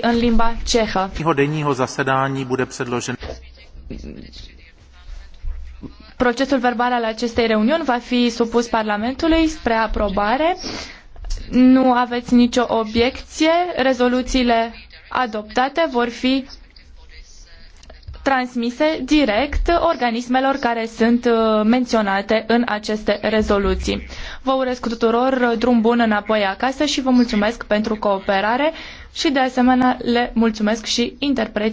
în limba cehă. Procesul verbal al acestei reuniuni va fi supus Parlamentului spre aprobare. Nu aveți nicio obiecție. Rezoluțiile adoptate vor fi transmise direct organismelor care sunt uh, menționate în aceste rezoluții. Vă urez tuturor drum bun înapoi acasă și vă mulțumesc pentru cooperare și de asemenea le mulțumesc și interpreții